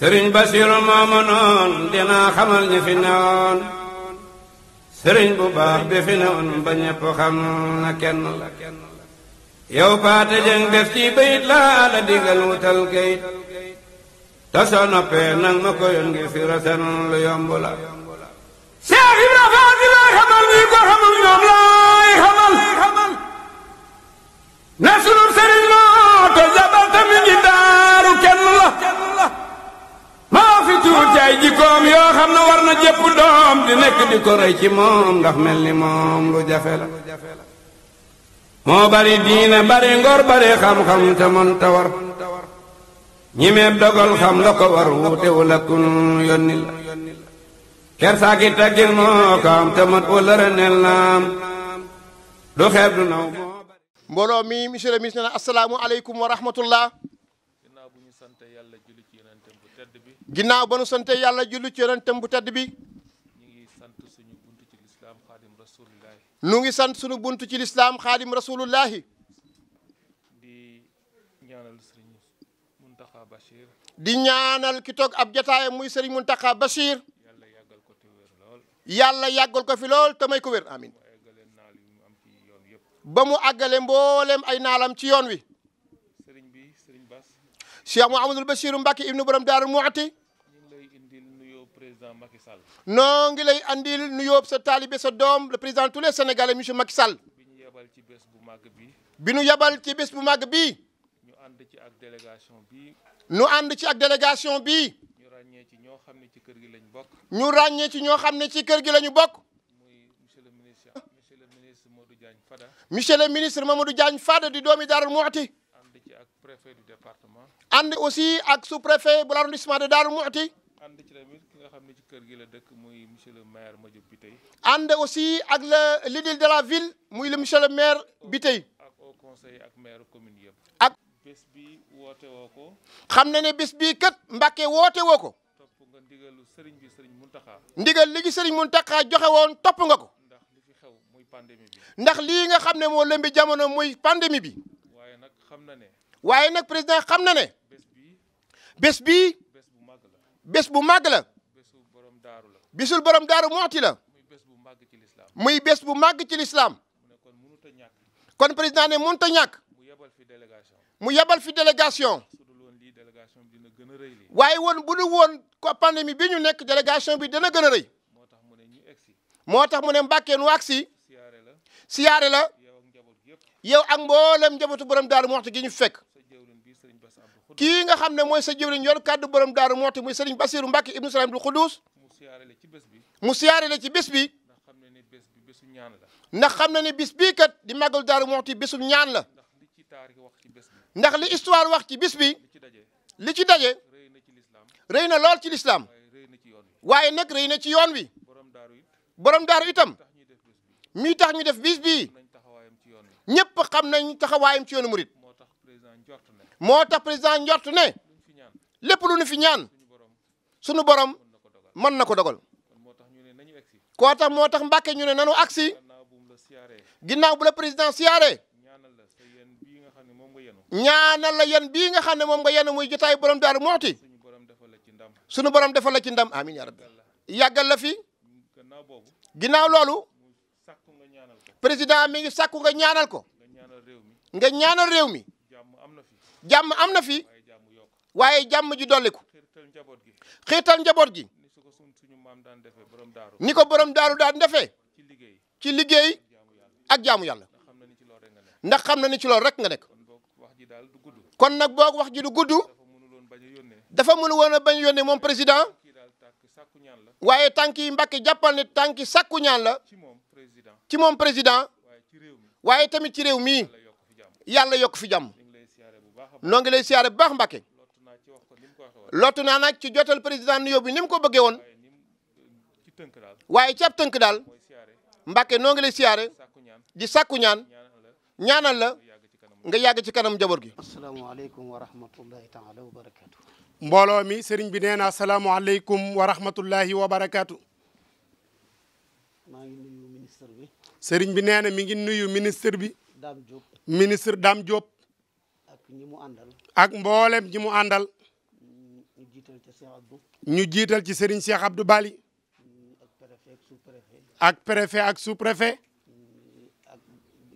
sëriñ Basiru moomu noon a xamal ñi fi sëriñ bu baax bi fi newoon ba ñëpp xam na kenn la yow paate jëng def ci bayit laa la digal wutal kayit te soo noppee ma ko yoon fi rasen lu yomb la Seex Ibra Faal bi laay xamal ñi ko xamul ñoom laay xamal na sunub sëriñ moo to jabal tamit tuur ci ay jikkoom yoo xam ne war na jëpp doom di nekk di ko roy ci moom ndax mel ni moom lu jafe la moo bari diine bari ngor bari xam-xam te mën ta war ñimeeb dogal xam la ko war wuute wu la kun la kersaaki taggil moo kaam te mën wala renel naam du xeeb du naw mbooloo mi monsieur le ministre nee na asalaamu aleykum wa rahmatullah ginnaaw ba nu sante yàlla julli ci yonentam bu tedd bi. ñu ngi sant suñu buntu ci lislaam xaadim rasulillahi. ñu ngi sant suñu buntu ci lislaam xaadim rasulillahi. di ñaanal sëriñ Muntaxa Bachir. di ñaanal ki toog ab jataayam muy sëriñ Muntaxa Bachir. yàlla yàggal ko fi lool. yàlla yàggal ko fi lool te may ko wér amin ba mu àggale mboolem ay naalam ci yoon wi. sëriñ bi sëriñ Bass. Cheikh Mouhamadul Bachir Mbacke ibnu borom Daaru Muxti président Macky Sall. noo ngi lay andil nuyoo sa taalibe sa doom le président tous les sénégalais monsieur Macky Sall. bi ñu yebal ci bés bu màgg bi. bi ñu yebal ci bés bu màgg bi. ñu ànd ci ak délégation bi. ñu ànd ci ak délégation bi. ñu ràññee ci ñoo xam ne ci kër gi lañ bokk. ñu ràññee ci ñoo xam ne ci kër gi lañu bokk. muy monsieur le ministre monsieur le ministre Mamadou Diagne Fada. monsieur le ministre Mamadou Diagne Fada di doomi Darou Mouhty. ànd ci ak préfet du département. ànd aussi ak sous préfet bu l'arrondissement de Darou Mouhty. ànd ci nga xam ne ci kër gi la dëkk muy monsieur le maire Madiop Biteye. ànd aussi ak le l'édile de la ville muy le monsieur le maire Biteye. ak au conseil ak maire commune yëpp. ak bés bi woote woo ko. xam na ne bés bii kat Mbàkke woote woo ko. topp nga ndigalu Serigne bi Serigne Mountakha. ndigal li ci Serigne Mountakha joxe woon topp nga ko. ndax li fi xew muy pandémie bi. ndax nga xam ne moo lëmbi jamono muy pandémie bi. waaye nag xam na ne. waaye nag président xam na ne. bés bii bés bii. bés bu màgg la. bésul borom daaru la. bésul borom daaru moxti la. muy bés bu màgg ci lislaam. muy bés bu màgg ci lislaam. kon mënut a ñàkk. kon président ne mënut a ñàkk. mu yebal fi délégation. mu yebal fi délégation. waaye woon bu dul woon ko pandémie bi ñu nekk délégation bi dana gën a moo tax mu ne ñu egsi. moo tax mu ne mbàkkeen waag si. siyaare la. siyaare la. yow ak yëpp. yow ak mboolem njabootu borom daaru moxti gi ñu fekk. kii nga xam ne mooy sa jëwriñ yor kàddu borom daaru mooti muy sëriñ Basiru Mbàkke ibnu Salaam dul Xudus mu siyaare la ci bés bi ndax xam na ne bis bii kat di màggal daaru mooti bésum ñaan la ndax li histoire wax ci bis bi li ci daje rëy na lool ci lislaam waaye nag rëy na ci yoon wi borom daaru itam mii tax ñu def bis bii ñëpp xam nañ taxawaayam ci yoonu murit moo tax président njort ne lépp lu nu fi ñaan sunu borom mën na ko dogal koo tax moo tax mbakke ñu ne nanu agsi ginnaw bu la président siyaare ñaanal la yan bii nga xam ne moom nga yenn muy jotaay borom daaru moxti sunu borom defal la ci ndam amin ya rabbi yàggal la fi ginnaaw loolu président mi ngi sàkku nga ñaanal ko nga ñaanal réew mi jàmm am na fi waaye jàmm ji dolliku xiirtal njaboot gi ni ko borom daaru daan defee ci liggéey ak jaamu yàlla ndax xam na ni ci loolu rek nga nekk kon nag boog wax ji du gudd dafa mënu woon a bañ yónnee moom président waaye tànk yi Mbàkke jàppal ne tànk yi sàkku ñaan la ci moom président waaye tamit ci réew mii yàlla yokk fi jàmm noo ngi lay siyaare bu baax Mbàkke lottu naa nag ci jotal président nuyoo bi ni mu ko bëggee woon waaye cab tënk daal Mbàkke noo ngi lay siyaare di sakku ñaan ñaanal la nga yàgg ci kanam njaboot gi. asalaamaaleykum wa rahmatullahi taala wa barakaatu. mbooloo mi sëriñ bi nee na asalaamaaleykum wa rahmatullahi wa barakaatu. maa ngi nuyu ministre bi. sëriñ bi nee na mi ngi nuyu ministre bi. Dame Diop ministre Dame Diop. ñi mu àndal. ak mboolem ñi mu àndal. ñu jiital ci Cheikh Abdou. ñu jiital ci Serigne Cheikh Abdou Bali. ak préfet ak sous-préfet. ak préfet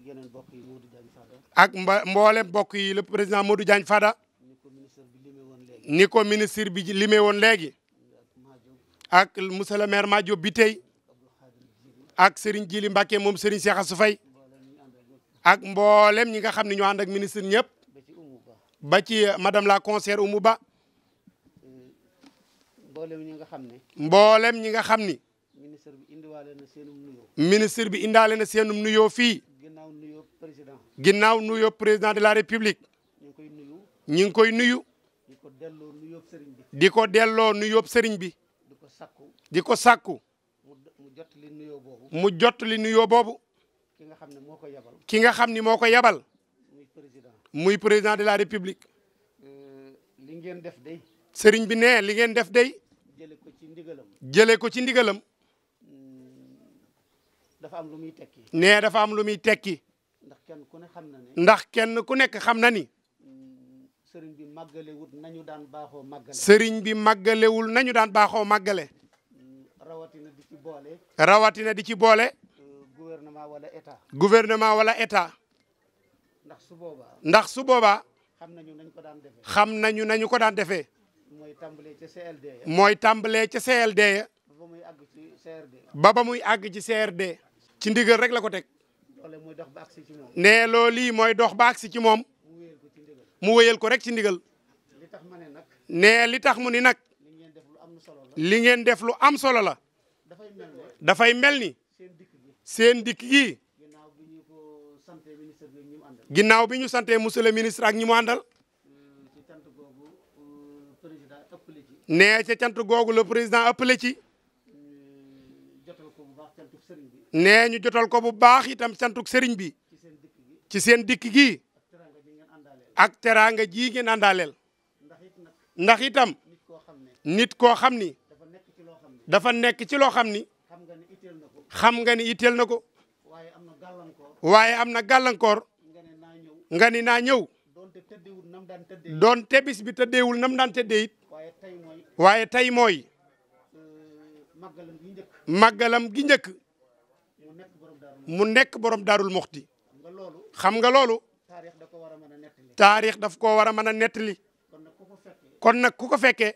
yi ak mba mboolem bokk yi le président Modou Diagne Fada. ni ko ministre bi limee woon léegi. ni ko ministre woon léegi. ak monsieur le maire Madio bi tey ak Serigne jiili Mbacke moom Serigne Cheikh Assou Faye ak mboolem ñi nga xam ne ñoo ànd ministre ñëpp. ba ci madame la conseillère Oumou Ba. mboolem ñi nga xam ne. mboolem ñi nga xam ni. ministre bi indiwaale na seenum nuyo ministre bi indaale na seenum nuyoo fii. ginnaaw nuyoo président. ginnaaw nuyoo président de la république. ñu ngi koy nuyu. ñu ngi koy nuyu. di ko delloo nuyoo sëriñ bi. di ko delloo nuyoo sëriñ bi. di ko sakku. di ko sakku. mu jot li nuyoo boobu. mu jot li nuyoo boobu. ki nga xam ne moo ko yabal. ki nga xam ni moo ko yabal. muy président de la république. Euh, li ngeen def day. sëriñ bi ne li ngeen def day. jëlee ko ci ndigalam. jëlee ko ci ndigalam. Hmm, dafa am lu muy tekki. nee dafa am lu muy tekki. ndax kenn ku ne xam na ne. ndax kenn ku nekk xam na ni. Hmm, sëriñ bi màggalewul nañu daan baaxoo màggale. sëriñ bi màggalewul nañu daan baaxoo màggale. Hmm, rawatina di ci boole. rawatina di ci boole. Euh, gouvernement wala état. gouvernement wala état. ndax su boobaa. ndax su boobaa. xam nañu nañu ko daan defee. xam nañu nañu ko daan defee. mooy tàmbalee ca CLD ya. mooy tàmbalee ca CLD ya. muy àgg ci CRD. ba ba muy àgg ci CRD. ci ndigal rek la ko teg. loolee mooy dox ba ci moom. nee loolu mooy dox ba àgg si ci moom. mu wéyal ko rek ci ndigal. tax ma ne nag. nee li tax mu ni nag. li ngeen def lu am solo la. li ngeen def lu am solo la. dafay mel ni. seen dikk gi. ginnaaw bi ñu santee monsieur le ministre ak ñi mu àndal. nee ca cant googu le président ëppale ci. nee ñu jotal ko bu baax itam cantuk sëriñ bi. ci seen dikk gi. ak teraanga ji ngeen àndaaleel. ndax itam. nit koo xam ni. dafa nekk ci loo xam ni. xam nga ni itteel na ko. waaye am na gàllankoor. nga ni naa ñëw doon bis bi tëddeewul nam daan tëddee it waaye tey mooy màggalam gi njëkk mu nekk borom daarul moxti xam nga loolu taarix daf koo war a mën a nettali kon nag ku ko fekkee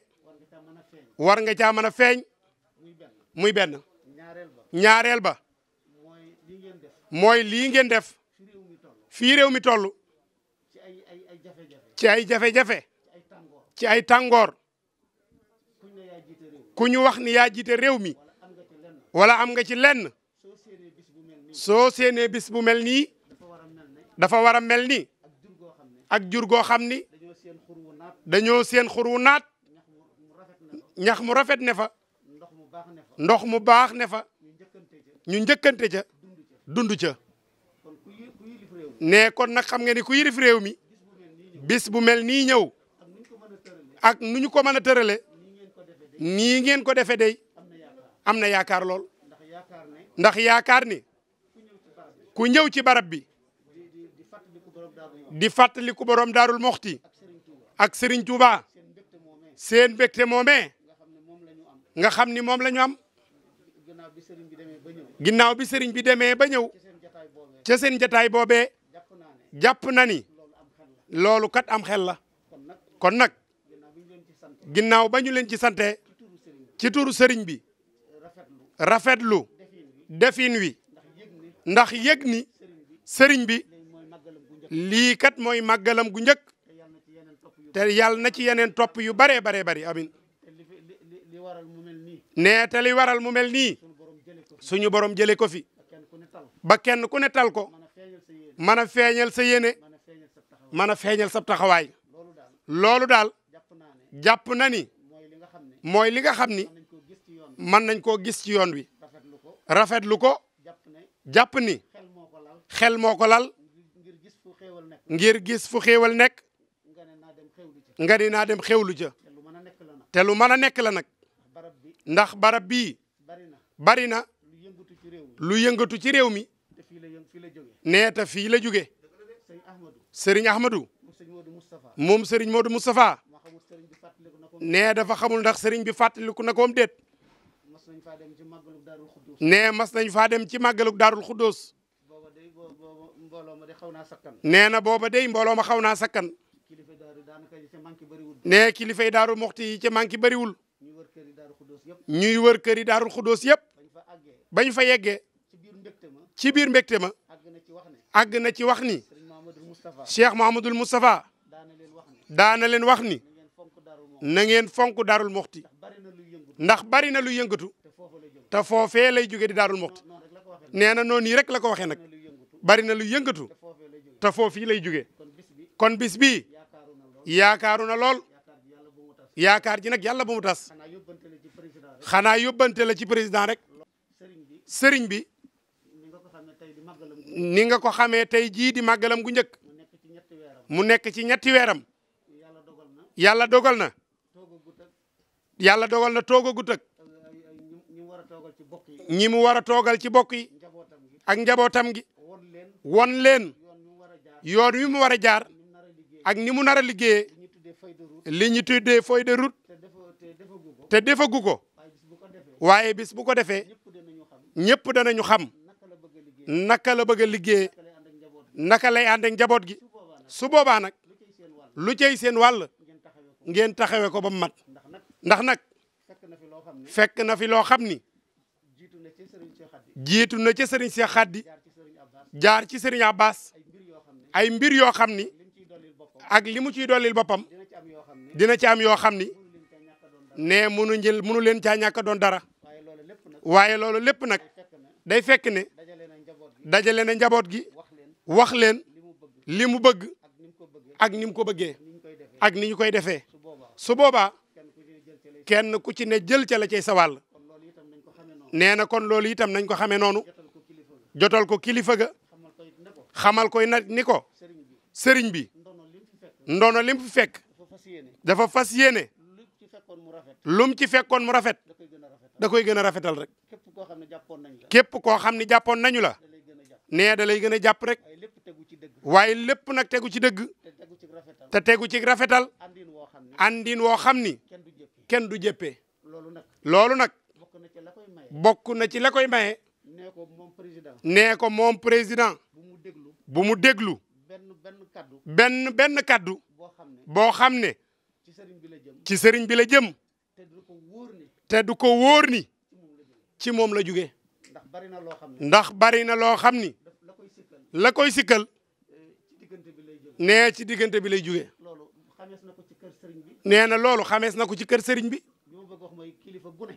war nga caa mën a feeñ muy benn ñaareel ba mooy lii ngeen def fii réew mi toll ci ay jafe-jafe ci ay tàngoor ku ñu wax ni yaa jiite réew mi wala am nga ci lenn soo séenee bis bu mel nii dafa war a mel ni ak jur goo xam ni dañoo seen xur wu naat ñax mu rafet ne fa ndox mu baax ne fa ñu njëkkante ca dund ca ne kon nag xam nga ni ku yilif réew mi bis bu mel nii ñëw ak nu ñu ko mën a tërale nii ngeen ko defee day am na yaakaar lool ndax yaakaar ni ku ñëw ci barab bi di fàttali ku borom daarul moxti ak Serigne Touba seen mbégte moomee nga xam ni moom la ñu am ginnaaw bi Serigne bi demee ba ñëw ca seen jataay boobee jàpp na ni loolu kat am xel la kon nag ginnaaw bañu leen ci sante ci tuuru sëriñ bi rafetlu defin wi ndax yëg ni sëriñ bi lii kat mooy màggalam gu njëkk te yàlla na ci yeneen topp yu baree baree bari amin nee te li waral mu mel nii suñu borom jëlee ko fi ba kenn ku ne tal ko mën a feeñal sa yéene mën a feeñal sab taxawaay loolu daal jàpp na ni mooy li nga xam ni mën nañ koo gis ci yoon wi rafetlu ko jàpp ni xel moo ko lal ngir gis fu xéewal nekk nga ni naa dem xewlu ca te lu mën a nekk la nag ndax barab bi bari na lu yëngatu ci réew mi nee te fii la jóge Serigne Ahmadou moom Serigne Modou Moustapha nee dafa xamul ndax Serigne bi fàttaliku na koom déet nee mas nañ faa dem ci màggaluk daarul xuddoos nee na booba dey mbooloo ma xaw naa sakkan nee kilifay daaru moxti yi ca manki bëriwul ñuy wër kër yi daarul xuddoos yëpp bañ fa yeggee ci biir mbégte ma àgg na ci wax ni Cheikh Mouhamadul Moustapha daana leen wax ni na ngeen fonk daarul moxti ndax bari na lu yëngatu te foofee lay jóge di daarul moxti nee na noonu yi rek la ko waxee nag bari na lu yëngatu te foofii lay jóge kon bis bii yaakaaru na lool yaakaar ji nag yàlla bu mu tas xanaa yóbbante la ci président rek sëriñ bi ni nga ko xamee tey jii di màggalam gu njëkk mu nekk ci ñetti weeram yàlla dogal na yàlla dogal na toogagut ak ñi mu war a toogal ci bokk yi ak njabootam gi won leen yoon wi mu war a jaar ak ni mu nar a liggéeyee li ñu tuddee feuille de route te defagu ko waaye bis bu ko defee ñëpp danañu xam naka la bëgg a liggéey naka lay ànd njaboot gi su boobaa nag lu cey seen wàll ngeen taxawee ko ba mu mat ndax nag fekk na fi loo xam ni jiitu na ca Serigne Cheikh Khady jaar ci Serigne Abbas ay mbir yoo xam ni ak li mu ciy dollil boppam dina ci am yoo xam ni ne munu njël munu leen caa ñàkk doon dara waaye loolu lépp nag day fekk ne. dajale na njaboot gi wax leen li mu bëgg ak ni mu ko bëggee ak ni ñu koy defee su boobaa kenn ku ci ne jël ca la cay sa wàll nee na kon loolu itam nañ ko xamee noonu jotal ko kilifa ga xamal koy nag ni ko sëriñ bi ndono lim fi fekk dafa fas yéene lum ci fekkoon mu rafet da koy gën a rafetal rek képp koo xam ne jàppoon nañu la nee da lay gën a jàpp rek waaye lépp nag tegu ci dëgg te tegu ci rafetal àndin woo xam ni kenn du jëppee loolu nag bokk na ci la koy maye nee ko moom président bu mu déglu benn benn kàddu boo xam ne ci sëriñ bi la jëm te du ko wóor ni ci moom la jóge bari na loo xam ndax bari na loo xam ni la koy sikkal nee ci diggante bi lay jógee nee na loolu xamees na ko ci kër sëriñ bi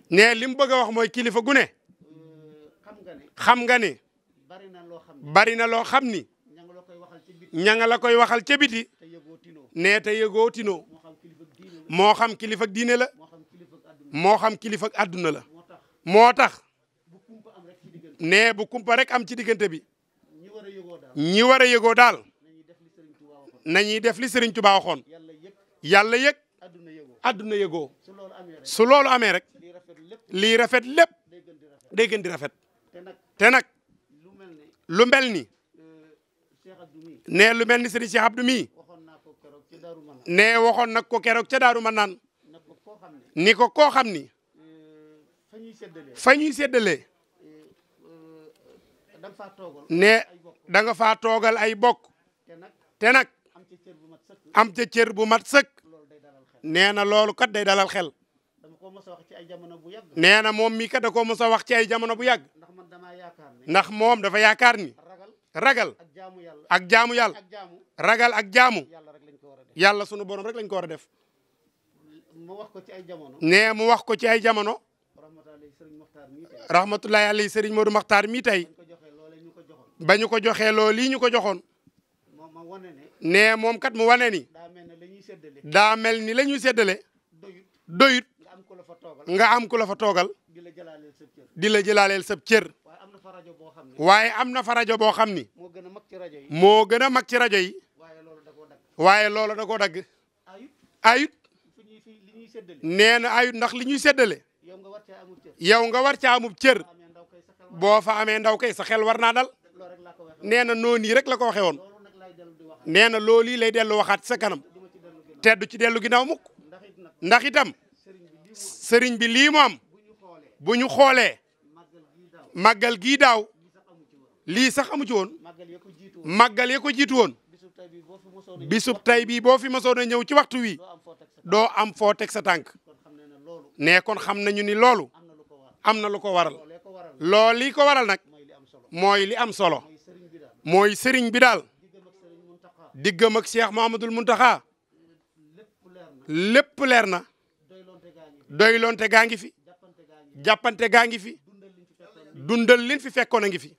nee li mu bëgg a wax mooy kilifa gune xam nga ne bari na loo xam ni ña nga la koy waxal ca biti nee te yëgoo tinoo moo xam kilifa diine la moo xam kilifa àdduna la moo tax nee bu kumpa rek am ci diggante bi ñi war a yëgoo daal nañuy def li Serigne Touba waxoon yàlla yëg adduna yëgoo su loolu amee rek lii rafet lépp day gën di rafet te nag lu mel ni euh, nee lu mel ni Serigne Cheikh Abdou mii nee waxoon nag ko keroog ca Daaru Manaan ni ko koo xam ni euh, fa ñuy séddalee ne da nga faa toogal ay bokk te nag am ca cër bu mat sëkk nee na loolu kat day dalal xel nee na moom mi kat da koo mos a wax ci jamono bu yàgg ndax moom dafa yaakaar ni ragal ak jaamu yàlla ragal ak jaamu yàlla sunu borom rek lañ ko war a def nee mu wax ko ci ay jamono rahmatullahi alayhi sëriñ Modou Maxtaar mii tey ba ñu ko joxee loo lii ñu ko joxoon. nee moom kat mu wane ni. daa mel ni la ñuy séddale. doyut nga am ku la fa toogal. di la jëlaaleel sab cër. di la jëlaaleel sab cër. waaye am na fa rajo boo xam ni. moo gën a mag ci rajo yi. moo gën a mag ci rajo yi. waaye loolu da koo dagg. ayut. nee na ayut ndax li ñuy séddale. yow nga war caa amub cër. boo fa amee ndaw kay sa xel war naa dal. nee na noonu yi rek la ko waxee woon nee na loolu yi lay dellu waxaat sa kanam te ci dellu ginnaaw mukk ndax itam sëriñ bi lii mu am bu ñu xoolee màggal gii daaw lii sax amu ci woon màggal ya ko jiitu woon bisub tey bii boo fi mosoon a ñëw ci waxtu wi doo am foo teg sa tànk ne kon xam nañu ni loolu am na lu ko waral loolu ko waral nag mooy li am solo mooy sëriñ bi daal diggam ak Cheikh Mouhamadoul Mountakha lépp leer na doy loonte gaa ngi fi jàppante gaa ngi fi dundal liñ fi fekkoon a ngi fi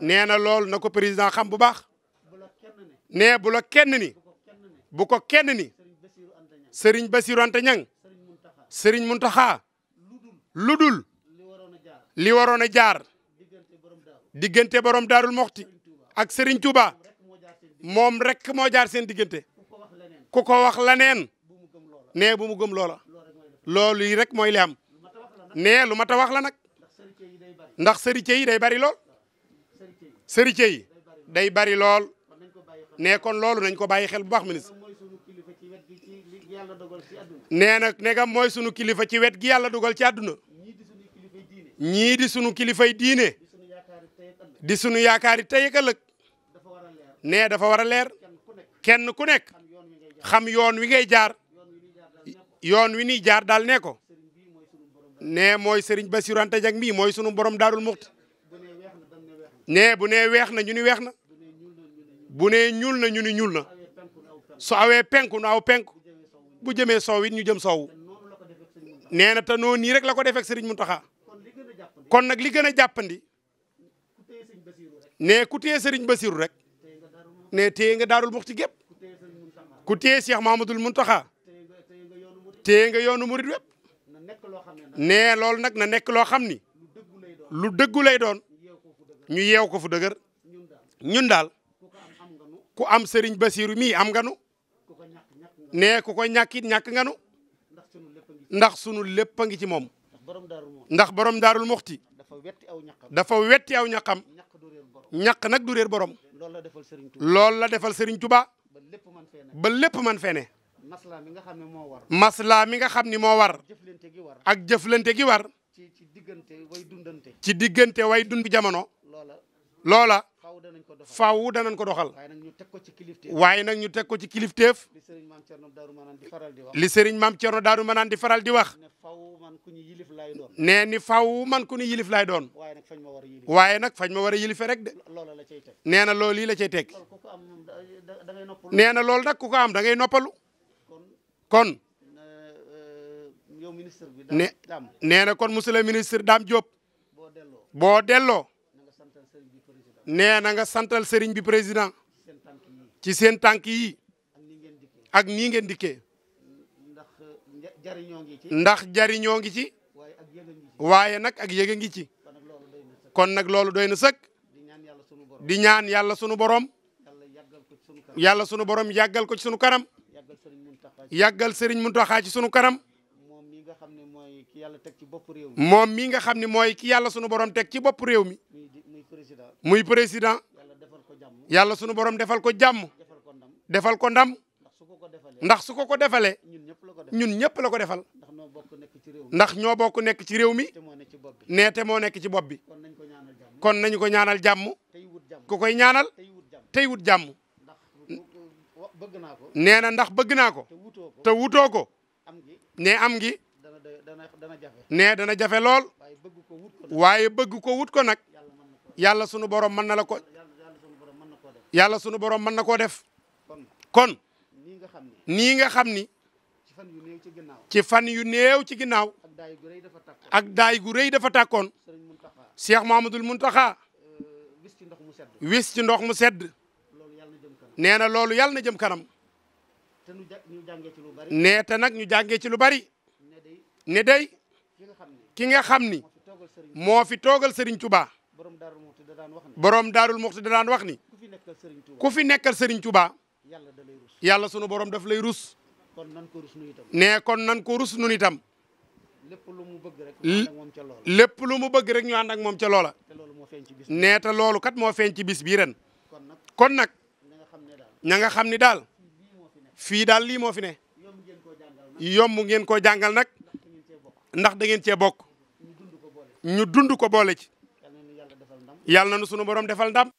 na loolu na ko président xam bu baax nee bu la kenn ni bu ko kenn ni sëriñ Bassirou Anta Niang sëriñ Mountakha lu dul li waroon a jaar diggante borom daarul moxti ak Serigne Touba moom rek moo jaar seen diggante ku ko wax la neen nee bu mu gëm loola loolu yi rek mooy li am nee lu mat a wax la nag ndax sërite yi day bari lool sërite yi day bari lool nee kon loolu nañ ko bàyyi xel bu baax ministre nee nag ne gam mooy sunu kilifa ci wet gi yàlla dugal ci àdduna ñii sunu kilifay diine di sunu yaakaar yi tey ak ëllëg nee dafa war a leer kenn ku nekk xam yoon wi ngay jaar yoon wi nii jaar daal ne ko nee mooy sëriñ Bassirou Anta Diagne mii mooy sunu borom daarul muxti nee bu nee weex na ñu ni weex na bu nee ñuul na ñu ni ñuul na su awee penku nu aw penku bu jëmee soow it ñu jëm soowu nee na te noonu nii rek la ko defee ak Serigne Mountakha kon nag li gën a jàppandi. ne ku téye Serigne Bassirou rek ne téye nga daarul muxti gépp ku téye Cheikh Mahamadoul Mountakha téye nga yoonu murit wépp ne loolu nag na nekk loo xam ni lu dëggu lay doon ñu yeew ko fu dëgër ñun daal ku am Serigne Bassirou mii am nga nu ne ku ko ñàkkit ñàkk nga nu ndax sunu lépp a ngi ci moom ndax borom daarul muxti dafa wetti aw ñaqam ñàq nag du réer borom. loolu la defal Serigne tu loolu la defal Serigne Touba ba lépp man fee ne. maslaa mi nga xam ne moo war. maslaa mi nga xam ne moo war. jëflante gi war ak jëflante gi war. ci ci diggante way dundante. ci diggante way dund jamono. loola loola. faaw danañ ko doxal faaw danañ ko doxal. waaye nag ñu teg ko ci kilifteef. waaye nag ñu teg ko ci kilifteef. li Serigne maam Thierno Darou Manane di faral di wax. li Serigne maam faral di wax. nee ni faw man ku ñu yilif laay doon waaye nag fañ ma war a yilife rek de nee na loolu yi la cay teg nee na loolu nag ku ko am da ngay noppalu kon euh, ne nee na kon monsieur le ministre Dame Diop boo delloo nee na nga santal sëriñ bi président ci seen tànk yi ak nii ngeen jariñoo ngi ndax jariñoo ngi ci waaye nag ak yëge ngi ci kon nag loolu doy na sëkk di ñaan yàlla sunu borom yàlla sunu borom yàggal ko ci sunu kanam yàggal Serigne Mountakha ci sunu kanam moom mi nga xam ne mooy ki yàlla teg ci bopp réew moom mi nga xam ne mooy ki yàlla sunu borom teg ci bopp réew mi muy président yàlla sunu borom defal ko jàmm defal ko ndam ndax su ko ko defalee ñun ñëpp la ko defal ndax ñoo bokk nekk ci réew mi nee te moo nekk ci bopp bi kon nañu ko ñaanal jàmm ku koy ñaanal tey wut jàmm nee na ndax bëgg naa ko te wutoo ko ne am ngi nee dana jafe lool waaye bëgg ko wut ko nag yàlla sunu borom mën na la ko yàlla sunu borom mën na koo def kon nii nga xam ni ci fan yu neew ci ginnaaw ak daay gu rëy dafa tàkkoon Cheikh Mouhamadoul Mountakha wis ci ndox mu sedd nee na loolu yàlla na jëm kanam nee te nag ñu jàngee ci lu bari ne day ki nga xam ni moo fi toogal Serigne Touba borom Daarul Muxti da daan wax ni ku fi nekkal Serigne Touba yàlla sunu borom daf lay ruus kon nan ko rus nu itam. nee kon nan ko rus nu itam. lépp lu mu bëgg rek ñu ànd moom ca loola. lépp lu mu bëgg rek ñu ànd ak moom ca loola. te loolu moo feeñ ci bis bi loolu kat moo feeñ ci bis bii ren. kon nag kon nag. ña nga xam ne daal. fii daal lii moo fi ne. yomb ngeen koo jàngal nag. ndax da ngeen cee bokk. ñu dund ko boole ci. yàlla na nu sunu borom defal ndam.